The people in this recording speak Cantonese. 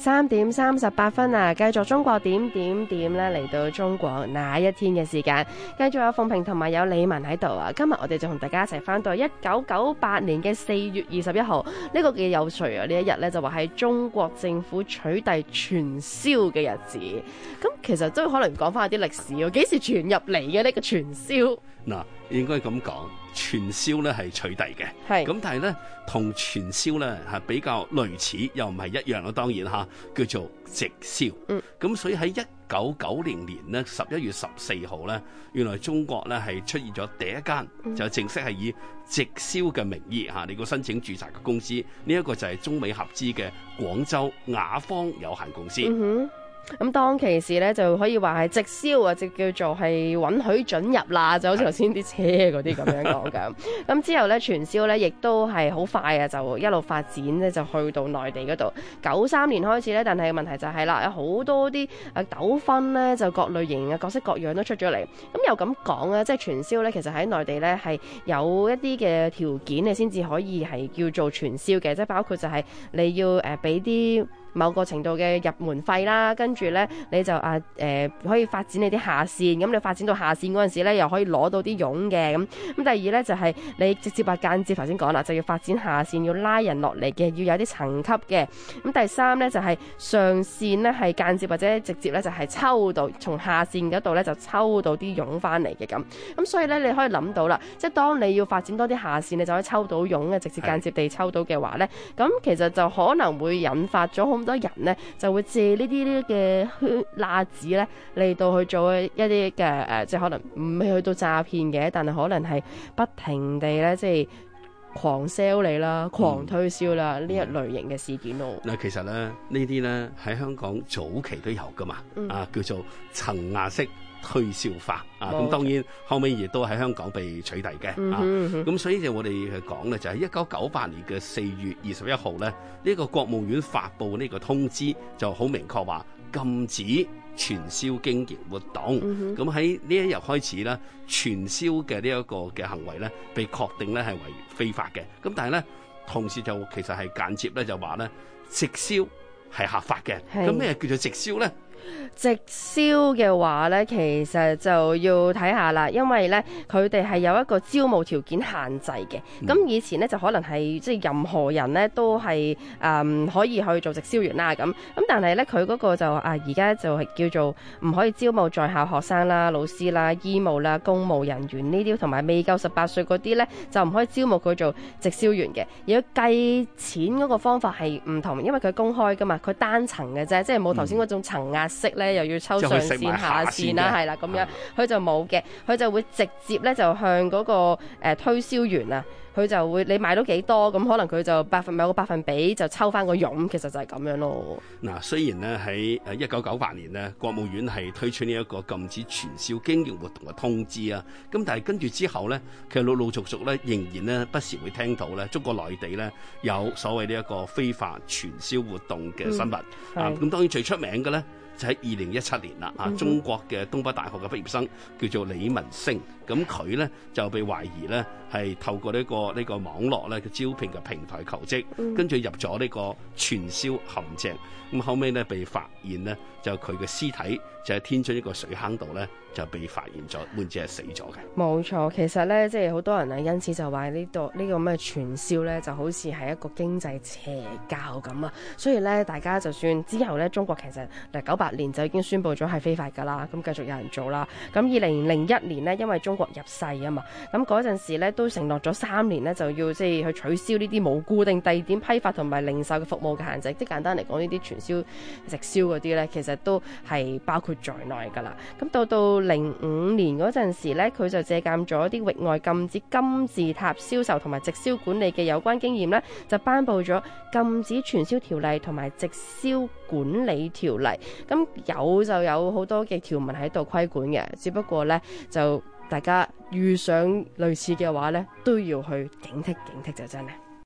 三點三十八分啊，繼續中國點點點咧嚟到，中國那一天嘅時間，繼續有鳳平同埋有李文喺度啊。今日我哋就同大家一齊翻到一九九八年嘅四月二十一號呢個幾有趣啊。呢一日咧就話喺中國政府取締傳銷嘅日子。咁其實都可能講翻啲歷史，幾時傳入嚟嘅呢個傳銷？嗱，應該咁講。傳銷咧係取締嘅，咁是但係咧同傳銷咧係比較類似，又唔係一樣咯。當然嚇叫做直銷，咁、嗯、所以喺一九九零年咧十一月十四號咧，原來中國咧係出現咗第一間就正式係以直銷嘅名義嚇、嗯、你個申請註冊嘅公司呢一個就係中美合資嘅廣州雅芳有限公司。嗯咁當其時咧，就可以話係直銷啊，即叫做係允許准入啦，就好似頭先啲車嗰啲咁樣講咁。咁 之後咧，傳銷咧亦都係好快啊，就一路發展咧，就去到內地嗰度。九三年開始咧，但係嘅問題就係啦，有好多啲誒糾紛咧，就各類型啊、各式各樣都出咗嚟。咁又咁講啊，即係傳銷咧，其實喺內地咧係有一啲嘅條件，你先至可以係叫做傳銷嘅，即係包括就係你要誒俾啲，呃某個程度嘅入門費啦，跟住呢，你就啊誒、呃、可以發展你啲下線，咁、嗯、你發展到下線嗰陣時呢，又可以攞到啲傭嘅咁。咁、嗯、第二呢，就係、是、你直接啊間接頭先講啦，就要發展下線，要拉人落嚟嘅，要有啲層級嘅。咁、嗯、第三呢，就係、是、上線呢，係間接或者直接呢，就係、是、抽到，從下線嗰度呢，就抽到啲傭翻嚟嘅咁。咁、嗯、所以呢，你可以諗到啦，即係當你要發展多啲下線，你就可以抽到傭嘅，直接間接地抽到嘅話呢，咁的其實就可能會引發咗好。咁多人咧，就會借這些這些辣子呢啲呢嘅靴喇子咧嚟到去做一啲嘅誒，即係可能唔係去到詐騙嘅，但係可能係不停地咧，即係狂 sell 你啦，狂推銷啦呢、嗯、一類型嘅事件咯。嗱、嗯，嗯、其實咧呢啲咧喺香港早期都有噶嘛，啊叫做層壓式推銷法啊，咁 Okay. 當然後尾亦都喺香港被取締嘅啊，咁、mm hmm. 啊、所以就我哋去講呢就係一九九八年嘅四月二十一號呢，就是、呢、呢個國務院發布呢個通知就好明確話禁止傳銷經營活動，咁喺呢一日開始呢傳銷嘅呢一個嘅行為呢，被確定呢係為非法嘅，咁但係呢，同時就其實係間接呢，就話呢，直銷係合法嘅，咁咩、mm hmm. 叫做直銷呢？直銷嘅話呢，其實就要睇下啦，因為呢，佢哋係有一個招募條件限制嘅。咁、嗯、以前呢，就可能係即係任何人呢都係誒、呃、可以去做直銷員啦，咁咁但係呢，佢嗰個就啊而家就係叫做唔可以招募在校學生啦、老師啦、醫務啦、公務人員呢啲，同埋未夠十八歲嗰啲呢，就唔可以招募佢做直銷員嘅。而計錢嗰個方法係唔同，因為佢公開噶嘛，佢單層嘅啫，即係冇頭先嗰種層壓。息咧又要抽上線下線啦，係啦咁樣，佢就冇嘅，佢就會直接咧就向嗰、那個、呃、推銷員啊，佢就會你買到幾多咁、嗯，可能佢就百分有個百分比就抽翻個傭，其實就係咁樣咯。嗱、啊，雖然呢，喺誒一九九八年呢，國務院係推出呢一個禁止傳銷經營活動嘅通知啊，咁但係跟住之後呢，其實陸陸續續咧仍然呢，不時會聽到咧中國內地呢有所謂呢一個非法傳銷活動嘅新聞啊，咁當然最出名嘅呢。就喺二零一七年啦，啊，中國嘅東北大學嘅畢業生叫做李文星，咁佢咧就被懷疑咧係透過呢、呢個呢、呢個網絡咧嘅招聘嘅平台求職，跟住入咗呢個傳銷陷阱，咁、啊、後尾咧被發現咧就佢嘅屍體。就喺天津一個水坑度呢，就被發現咗，滿仔係死咗嘅。冇錯，其實呢，即係好多人啊，因此就話呢度呢個咁嘅、這個、傳銷呢，就好似係一個經濟邪教咁啊。所以呢，大家就算之後呢，中國其實嗱九八年就已經宣布咗係非法㗎啦。咁繼續有人做啦。咁二零零一年呢，因為中國入世啊嘛，咁嗰陣時呢都承諾咗三年呢，就要即係去取消呢啲冇固定地點批發同埋零售嘅服務嘅限制。即係簡單嚟講，呢啲傳銷、直銷嗰啲呢，其實都係包括。在內噶啦，咁到到零五年嗰陣時呢，佢就借鑒咗啲域外禁止金字塔銷售同埋直銷管理嘅有關經驗呢，就頒布咗禁止傳銷條例同埋直銷管理條例。咁有就有好多嘅條文喺度規管嘅，只不過呢，就大家遇上類似嘅話呢，都要去警惕警惕就真係。